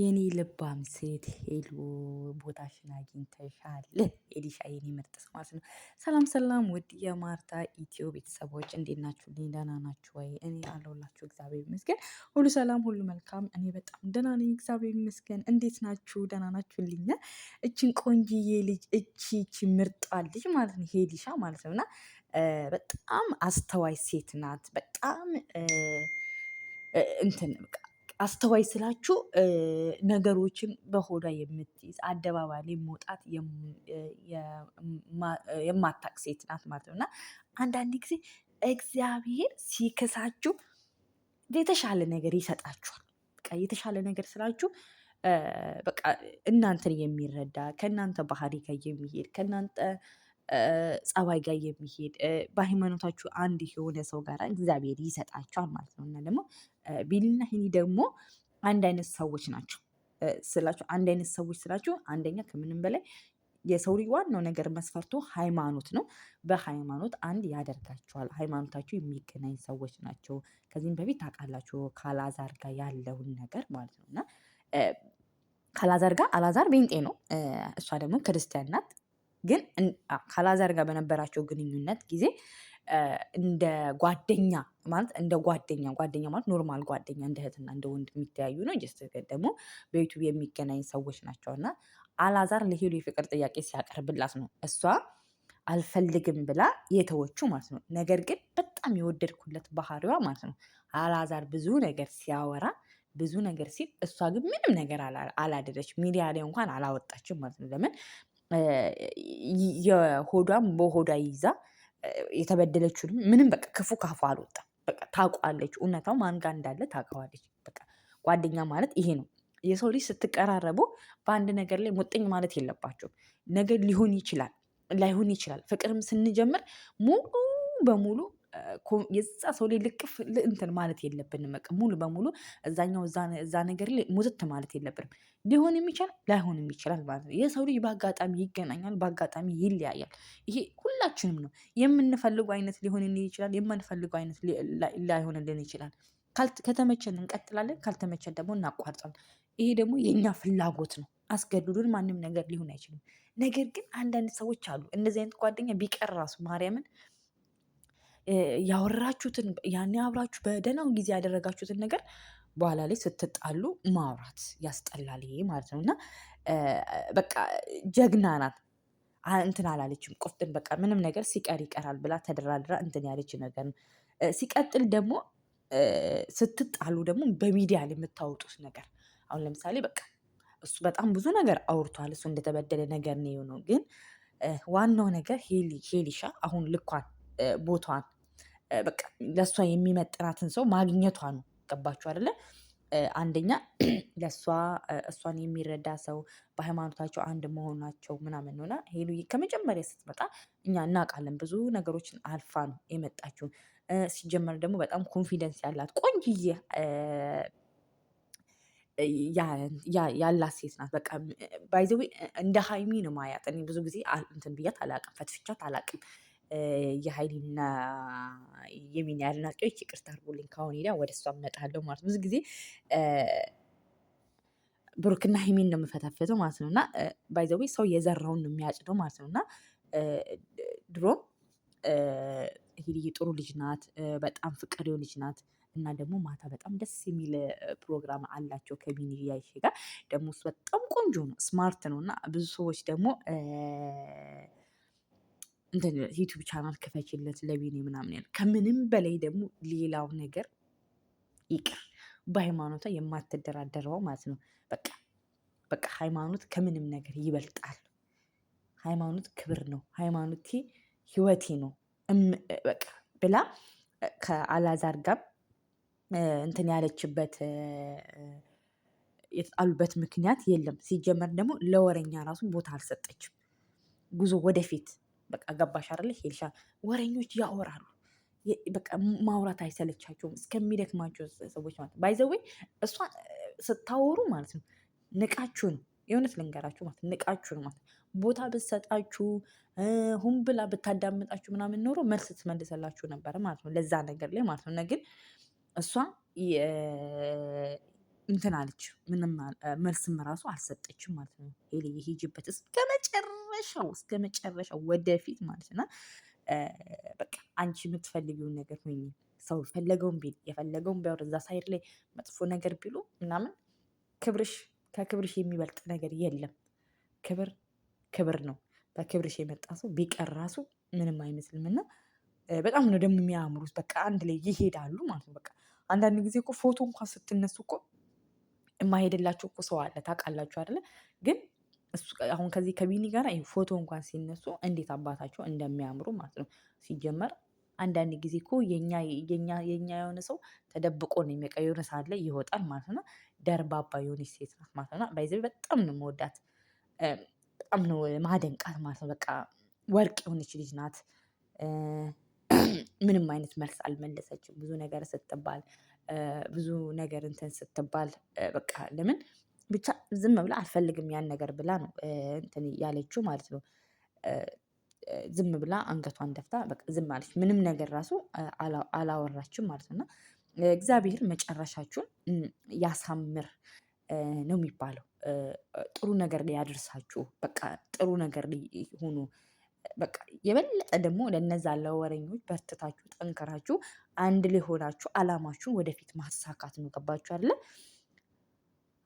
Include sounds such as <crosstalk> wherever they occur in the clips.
የኔ ልባም ሴት ሄሉ ቦታሽን አግኝተሻል። ሄዲሻ <laughs> የኔ ምርጥ ነው። ሰላም ሰላም፣ ውድ የማርታ ኢትዮ ቤተሰቦች እንዴት ናችሁ? ደህና ናችሁ ወይ? እኔ አለሁላችሁ እግዚአብሔር ይመስገን። ሁሉ ሰላም፣ ሁሉ መልካም። እኔ በጣም ደህና ነኝ እግዚአብሔር ይመስገን። እንዴት ናችሁ? ደህና ናችሁልኛ? እችን ቆንጂዬ ልጅ እቺ እቺ ምርጧ ልጅ ማለት ነው ሄሊሻ ማለት ነው እና በጣም አስተዋይ ሴት ናት። በጣም እንትን አስተዋይ ስላችሁ ነገሮችን በሆዷ የምትይዝ አደባባይ ላይ መውጣት የማታቅ ሴት ናት ማለት ነው። እና አንዳንድ ጊዜ እግዚአብሔር ሲክሳችሁ የተሻለ ነገር ይሰጣችኋል። በቃ የተሻለ ነገር ስላችሁ በቃ እናንተን የሚረዳ ከእናንተ ባህሪ ጋር የሚሄድ ከእናንተ ጸባይ ጋር የሚሄድ በሃይማኖታችሁ አንድ የሆነ ሰው ጋር እግዚአብሔር ይሰጣቸዋል ማለት ነው። እና ደግሞ ቢልና ሂኒ ደግሞ አንድ አይነት ሰዎች ናቸው ስላችሁ አንድ አይነት ሰዎች ስላችሁ አንደኛ ከምንም በላይ የሰው ልጅ ዋናው ነገር መስፈርቱ ሃይማኖት ነው። በሃይማኖት አንድ ያደርጋቸዋል። ሃይማኖታችሁ የሚገናኝ ሰዎች ናቸው። ከዚህም በፊት ታውቃላችሁ ካላዛር ጋር ያለውን ነገር ማለት ነው እና ከአላዛር ጋር አላዛር ቤንጤ ነው፣ እሷ ደግሞ ክርስቲያን ናት። ግን ካላዛር ጋር በነበራቸው ግንኙነት ጊዜ እንደ ጓደኛ ማለት እንደ ጓደኛ ጓደኛ ማለት ኖርማል ጓደኛ እንደ እህትና እንደ ወንድ የሚተያዩ ነው። ጀስት ደግሞ በዩቱብ የሚገናኝ ሰዎች ናቸው። እና አላዛር ለሄሉ የፍቅር ጥያቄ ሲያቀርብላት ነው እሷ አልፈልግም ብላ የተወችው ማለት ነው። ነገር ግን በጣም የወደድኩለት ባህሪዋ ማለት ነው። አላዛር ብዙ ነገር ሲያወራ ብዙ ነገር ሲል እሷ ግን ምንም ነገር አላደረች፣ ሚዲያ ላይ እንኳን አላወጣችም ማለት ነው። ለምን የሆዷም በሆዷ ይዛ የተበደለችውንም ምንም በቃ ክፉ ካፏ አልወጣም። በቃ ታውቋለች፣ እውነታው ማን ጋር እንዳለ ታውቀዋለች። በቃ ጓደኛ ማለት ይሄ ነው። የሰው ልጅ ስትቀራረቡ በአንድ ነገር ላይ ሙጥኝ ማለት የለባቸው ነገር ሊሆን ይችላል ላይሆን ይችላል። ፍቅርም ስንጀምር ሙሉ በሙሉ የዛ ሰው ላይ ልቅፍ እንትን ማለት የለብንም። በቃ ሙሉ በሙሉ እዛኛው እዛ ነገር ላይ ሙዝት ማለት የለብንም። ሊሆን ይችላል ላይሆን ይችላል ማለት ነው። የሰው ልጅ በአጋጣሚ ይገናኛል፣ በአጋጣሚ ይለያያል። ይሄ ሁላችንም ነው። የምንፈልገው አይነት ሊሆንልን ይችላል፣ የማንፈልገው አይነት ላይሆንልን ይችላል። ከተመቸን እንቀጥላለን፣ ካልተመቸን ደግሞ እናቋርጣለን። ይሄ ደግሞ የእኛ ፍላጎት ነው። አስገድዱን ማንም ነገር ሊሆን አይችልም። ነገር ግን አንዳንድ ሰዎች አሉ እንደዚህ አይነት ጓደኛ ቢቀር ራሱ ማርያምን ያወራችሁትን ያኔ አብራችሁ በደህናው ጊዜ ያደረጋችሁትን ነገር በኋላ ላይ ስትጣሉ ማውራት ያስጠላል። ይሄ ማለት ነው እና በቃ ጀግና ናት እንትን አላለችም። ቁፍጥን በቃ ምንም ነገር ሲቀር ይቀራል ብላ ተደራድራ እንትን ያለች ነገር ነው። ሲቀጥል ደግሞ ስትጣሉ ደግሞ በሚዲያ ላይ የምታወጡት ነገር አሁን ለምሳሌ በቃ እሱ በጣም ብዙ ነገር አውርቷል። እሱ እንደተበደለ ነገር ነው የሆነው። ግን ዋናው ነገር ሄሊሻ አሁን ልኳን ቦታዋን ለእሷ የሚመጥናትን ሰው ማግኘቷ ነው። ገባችሁ አይደለ? አንደኛ <clears throat> ለእሷ እሷን የሚረዳ ሰው በሃይማኖታቸው አንድ መሆናቸው ምናምን ነውና ሄሉ ከመጀመሪያ ስትመጣ እኛ እናውቃለን። ብዙ ነገሮችን አልፋ ነው የመጣችው። ሲጀመር ደግሞ በጣም ኮንፊደንስ ያላት ቆንጅዬ ያላት ሴት ናት። በቃ ባይዘዌ እንደ ሀይሚ ነው ማያት። እኔ ብዙ ጊዜ እንትን ብያት አላቅም፣ ፈትፍቻት አላቅም። የሀይሊና የሚኒ አድናቂዎች ይቅርታ አድርጉልኝ፣ ካሁን ሄዳ ወደ እሷ እመጣለሁ ማለት ነው። ብዙ ጊዜ ብሩክና ሂሚን ነው የምፈታፈተው ማለት ነው። እና ባይዘዌ ሰው የዘራውን ነው የሚያጭደው ማለት ነው። እና ድሮም ሂልዬ ጥሩ ልጅ ናት፣ በጣም ፍቅሬው ልጅ ናት። እና ደግሞ ማታ በጣም ደስ የሚል ፕሮግራም አላቸው ከሚኒ ያይሽ ጋር ደግሞ እሱ በጣም ቆንጆ ነው፣ ስማርት ነው። እና ብዙ ሰዎች ደግሞ ዩቱብ ቻናል ክፈችለት ለቢኒ ምናምን ያለ ከምንም በላይ ደግሞ ሌላው ነገር ይቅር በሃይማኖቷ የማትደራደረው ማለት ነው። በቃ በቃ ሃይማኖት ከምንም ነገር ይበልጣል። ሃይማኖት ክብር ነው። ሃይማኖቴ ህይወቴ ነው በቃ ብላ ከአላዛር ጋር እንትን ያለችበት የተጣሉበት ምክንያት የለም። ሲጀመር ደግሞ ለወረኛ ራሱ ቦታ አልሰጠችም። ጉዞ ወደፊት በቃ ገባሽ አይደለ ሄልሻ ወሬኞች ያወራሉ። በቃ ማውራት አይሰለቻቸውም እስከሚደክማቸው ሰዎች ማለት ባይዘዌ እሷ ስታወሩ ማለት ነው ንቃችሁ ነው የእውነት ልንገራችሁ ማለት ንቃችሁ ነው ማለት ቦታ ብትሰጣችሁ ሁምብላ ብላ ብታዳምጣችሁ ምናምን ኖሮ መልስ ትመልሰላችሁ ነበረ ማለት ነው ለዛ ነገር ላይ ማለት ነው። ግን እሷ እንትን አለች። ምንም መልስም ራሱ አልሰጠችም ማለት ነው። ሄሊ የሄጅበት እስከ መጨረሻው እስከ መጨረሻው ወደፊት ማለት ነው። በቃ አንቺ የምትፈልጊውን ነገር ሁኚ። ሰው የፈለገውን ቢል የፈለገውን ቢያወር እዛ ሳይድ ላይ መጥፎ ነገር ቢሉ ምናምን ክብርሽ ከክብርሽ የሚበልጥ ነገር የለም። ክብር ክብር ነው። በክብርሽ የመጣ ሰው ቢቀር ራሱ ምንም አይመስልም። እና በጣም ነው ደግሞ የሚያምሩት። በቃ አንድ ላይ ይሄዳሉ ማለት ነው። በቃ አንዳንድ ጊዜ እኮ ፎቶ እንኳን ስትነሱ እኮ የማሄድላቸው እኮ ሰው አለ ታውቃላችሁ አይደለ? ግን አሁን ከዚህ ከቢኒ ጋር ፎቶ እንኳን ሲነሱ እንዴት አባታቸው እንደሚያምሩ ማለት ነው። ሲጀመር አንዳንድ ጊዜ እኮ የኛ የሆነ ሰው ተደብቆ ነው የሚቀ የሆነ ሰዓት ላይ ይወጣል ማለት ነው። ደርባባ የሆነች ሴት ናት ማለት ነው። ባይዘ በጣም ነው መወዳት፣ በጣም ነው ማደንቃት ማለት ነው። በቃ ወርቅ የሆነች ልጅ ናት። ምንም አይነት መልስ አልመለሰችም ብዙ ነገር ስትባል ብዙ ነገር እንትን ስትባል በቃ ለምን ብቻ ዝም ብላ አልፈልግም ያን ነገር ብላ ነው እንትን ያለችው ማለት ነው። ዝም ብላ አንገቷን ደፍታ በቃ ዝም አለች ምንም ነገር ራሱ አላወራችም ማለት ነው። እና እግዚአብሔር መጨረሻችሁን ያሳምር ነው የሚባለው። ጥሩ ነገር ላይ በቃ ጥሩ ነገር ላይ በቃ የበለጠ ደግሞ ለነዛ ለወረኞች በርትታችሁ ጠንክራችሁ አንድ ላይ ሆናችሁ አላማችሁን ወደፊት ማሳካት ነው። ገባችሁ አይደለ?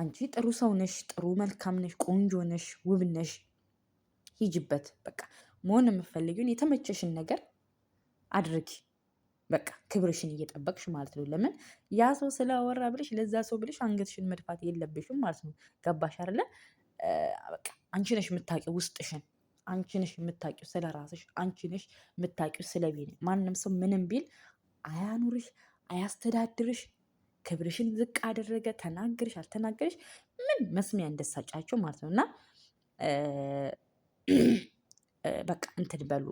አንቺ ጥሩ ሰው ነሽ፣ ጥሩ መልካም ነሽ፣ ቆንጆ ነሽ፣ ውብ ነሽ። ሂጅበት። በቃ መሆን የምፈልጊውን የተመቸሽን ነገር አድርጊ። በቃ ክብርሽን እየጠበቅሽ ማለት ነው። ለምን ያ ሰው ስለወራ ብለሽ ለዛ ሰው ብለሽ አንገትሽን መድፋት የለብሽም ማለት ነው። ገባሽ አይደለ? በቃ አንቺ ነሽ የምታውቂው ውስጥሽን አንቺ ነሽ የምታውቂው ስለ ራስሽ፣ አንቺ ነሽ የምታውቂው ስለ ቤት። ማንም ሰው ምንም ቢል አያኑርሽ፣ አያስተዳድርሽ። ክብርሽን ዝቅ አደረገ። ተናገርሽ አልተናገርሽ ምን መስሚያ እንደሳጫቸው ማለት ነው። እና በቃ እንትን በሉ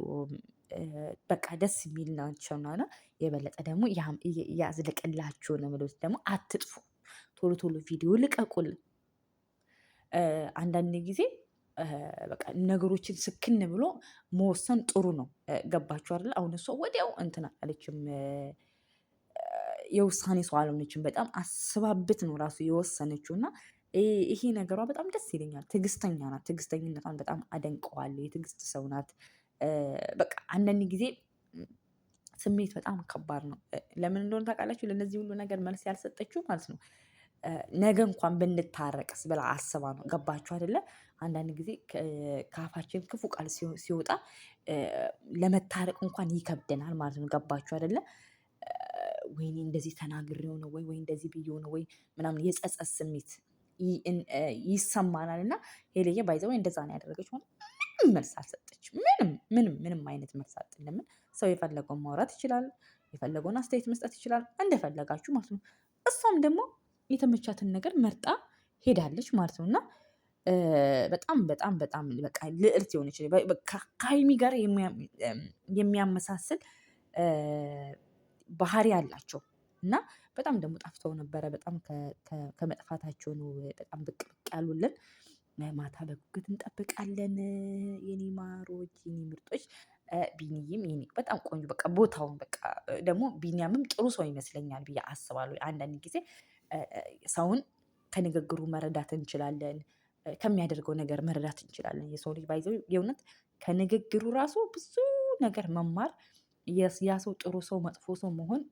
በቃ ደስ የሚል ናቸው ና የበለጠ ደግሞ ያዝልቅላችሁ ነው የምለው። ደግሞ አትጥፉ፣ ቶሎ ቶሎ ቪዲዮ ልቀቁልን። አንዳንድ ጊዜ በቃ ነገሮችን ስክን ብሎ መወሰን ጥሩ ነው። ገባችሁ አይደል? አሁን እሷ ወዲያው እንትን አለችም፣ የውሳኔ ሰው አልሆነችም። በጣም አስባብት ነው ራሱ የወሰነችው እና ይሄ ነገሯ በጣም ደስ ይለኛል። ትዕግስተኛ ናት። ትዕግስተኝነቷን በጣም አደንቀዋለሁ። የትዕግስት ሰው ናት። በቃ አንዳንድ ጊዜ ስሜት በጣም ከባድ ነው። ለምን እንደሆነ ታውቃላችሁ? ለእነዚህ ሁሉ ነገር መልስ ያልሰጠችው ማለት ነው ነገ እንኳን ብንታረቅስ ብላ አስባ ነው። ገባችሁ አይደለ? አንዳንድ ጊዜ ከአፋችን ክፉ ቃል ሲወጣ ለመታረቅ እንኳን ይከብደናል ማለት ነው። ገባችሁ አይደለ? ወይኔ እንደዚህ ተናግሬው ነው ወይ ወይ እንደዚህ ብዬው ነው ወይ ምናምን የጸጸት ስሜት ይሰማናል። እና ሄለየ ባይዘ ወይ እንደዛ ነው ያደረገች ሆነ ምንም መልስ አልሰጠች። ምንም ምንም ምንም አይነት መልስ አልሰጠች። ለምን ሰው የፈለገውን ማውራት ይችላል፣ የፈለገውን አስተያየት መስጠት ይችላል፣ እንደፈለጋችሁ ማለት ነው። እሷም ደግሞ የተመቻትን ነገር መርጣ ሄዳለች ማለት ነው እና በጣም በጣም በጣም በቃ ልዕልት የሆነች ከሀይሚ ጋር የሚያመሳስል ባህሪ አላቸው እና በጣም ደግሞ ጣፍተው ነበረ። በጣም ከመጥፋታቸው ነው በጣም ብቅ ብቅ ያሉልን። ማታ በጉጉት እንጠብቃለን የኔ ማሮች፣ የኔ ምርጦች። ቢኒይም የኔ በጣም ቆንጆ በቃ ቦታውን በቃ ደግሞ ቢኒያምም ጥሩ ሰው ይመስለኛል ብዬ አስባለሁ አንዳንድ ጊዜ ሰውን ከንግግሩ መረዳት እንችላለን። ከሚያደርገው ነገር መረዳት እንችላለን። የሰው ልጅ ባይዘው የእውነት ከንግግሩ ራሱ ብዙ ነገር መማር ያ ሰው ጥሩ ሰው መጥፎ ሰው መሆን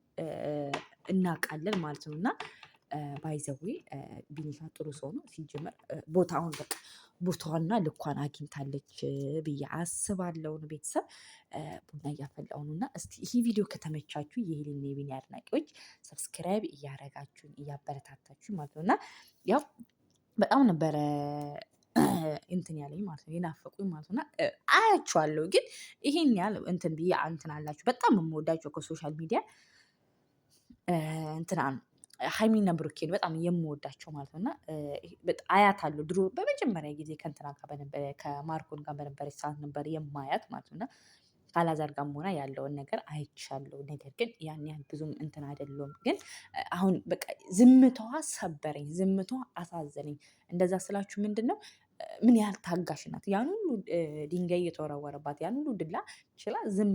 እናውቃለን ማለት ነው። እና ባይዘዌ ቢኒሻ ጥሩ ሰው ነው። ሲጀመር ቦታውን በቃ ቦታዋና ልኳን አግኝታለች ብዬ አስባለውን። ቤተሰብ ቡና እያፈላሁ ነው እና እስቲ ይህ ቪዲዮ ከተመቻችሁ የሄልን የቢኒ አድናቂዎች ሰብስክራይብ እያረጋችሁኝ እያበረታታችሁ ማለት ነው እና ያው በጣም ነበረ እንትን ያለኝ ማለት ነው የናፈቁኝ ማለት ነው። አያችኋለሁ ግን ይሄን ያህል እንትን ብዬ እንትን አላችሁ በጣም የምወዳቸው ከሶሻል ሚዲያ እንትና ነው ሀይሚና ብሩኬን በጣም የምወዳቸው ማለት ነው እና አያት አሉ ድሮ በመጀመሪያ ጊዜ ከንትና ጋር በነበረ ከማርኮን ጋር በነበረ ሰዓት ነበር የማያት ማለት ነው እና ካላዛር ጋር መሆና ያለውን ነገር አይቻለሁ። ነገር ግን ያን ያህል ብዙም እንትን አይደለሁም። ግን አሁን በቃ ዝምታዋ ሰበረኝ፣ ዝምታዋ አሳዘነኝ። እንደዛ ስላችሁ ምንድን ነው ምን ያህል ታጋሽ ናት። ያን ሁሉ ድንጋይ እየተወረወረባት ያን ሁሉ ድላ ችላ ዝም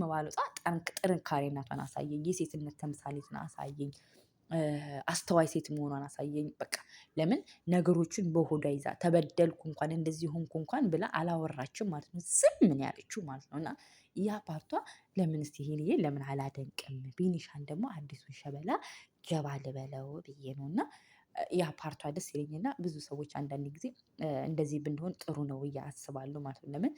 ጠንቅ ጥንካሬ ናቷን አሳየኝ፣ የሴትነት ተምሳሌትን አሳየኝ። አስተዋይ ሴት መሆኗን አሳየኝ። በቃ ለምን ነገሮችን በሆዷ ይዛ ተበደልኩ እንኳን እንደዚህ ሆንኩ እንኳን ብላ አላወራችም ማለት ነው። ዝም ምን ያለችው ማለት ነው። እና ያ ፓርቷ ለምን እስቲ ሄልዬ ለምን አላደንቅም? ቢኒሻን ደግሞ አዲሱን ሸበላ ገባ ልበለው ብዬ ነው እና ያ ፓርቷ ደስ ይለኝና ብዙ ሰዎች አንዳንድ ጊዜ እንደዚህ ብንሆን ጥሩ ነው እያ አስባለሁ ማለት ነው። ለምን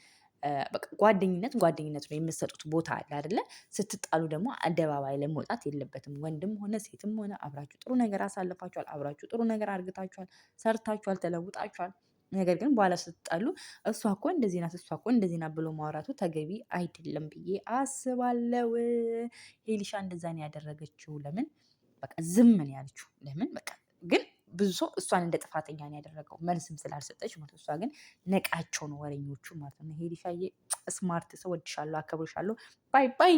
ጓደኝነት ጓደኝነት ነው የምትሰጡት ቦታ አለ አይደለ? ስትጣሉ ደግሞ አደባባይ ላይ መውጣት የለበትም። ወንድም ሆነ ሴትም ሆነ አብራችሁ ጥሩ ነገር አሳልፋችኋል፣ አብራችሁ ጥሩ ነገር አድርጋችኋል፣ ሰርታችኋል፣ ተለውጣችኋል። ነገር ግን በኋላ ስትጣሉ እሷ እኮ እንደዚህ ናት፣ እሷ እኮ እንደዚህ ናት ብሎ ማውራቱ ተገቢ አይደለም ብዬ አስባለው። ሄሊሻ እንደዛ ነው ያደረገችው። ለምን በቃ ዝም ነው ያለችው? ለምን በቃ ግን ብዙ ሰው እሷን እንደ ጥፋተኛ ነው ያደረገው፣ መልስም ስላልሰጠች ማለት እሷ ግን ነቃቸው ነው ወሬኞቹ ማለት ነው። ሄዲሻዬ ስማርት ሰው ወድሻለሁ፣ አከብርሻለሁ። ባይ ባይ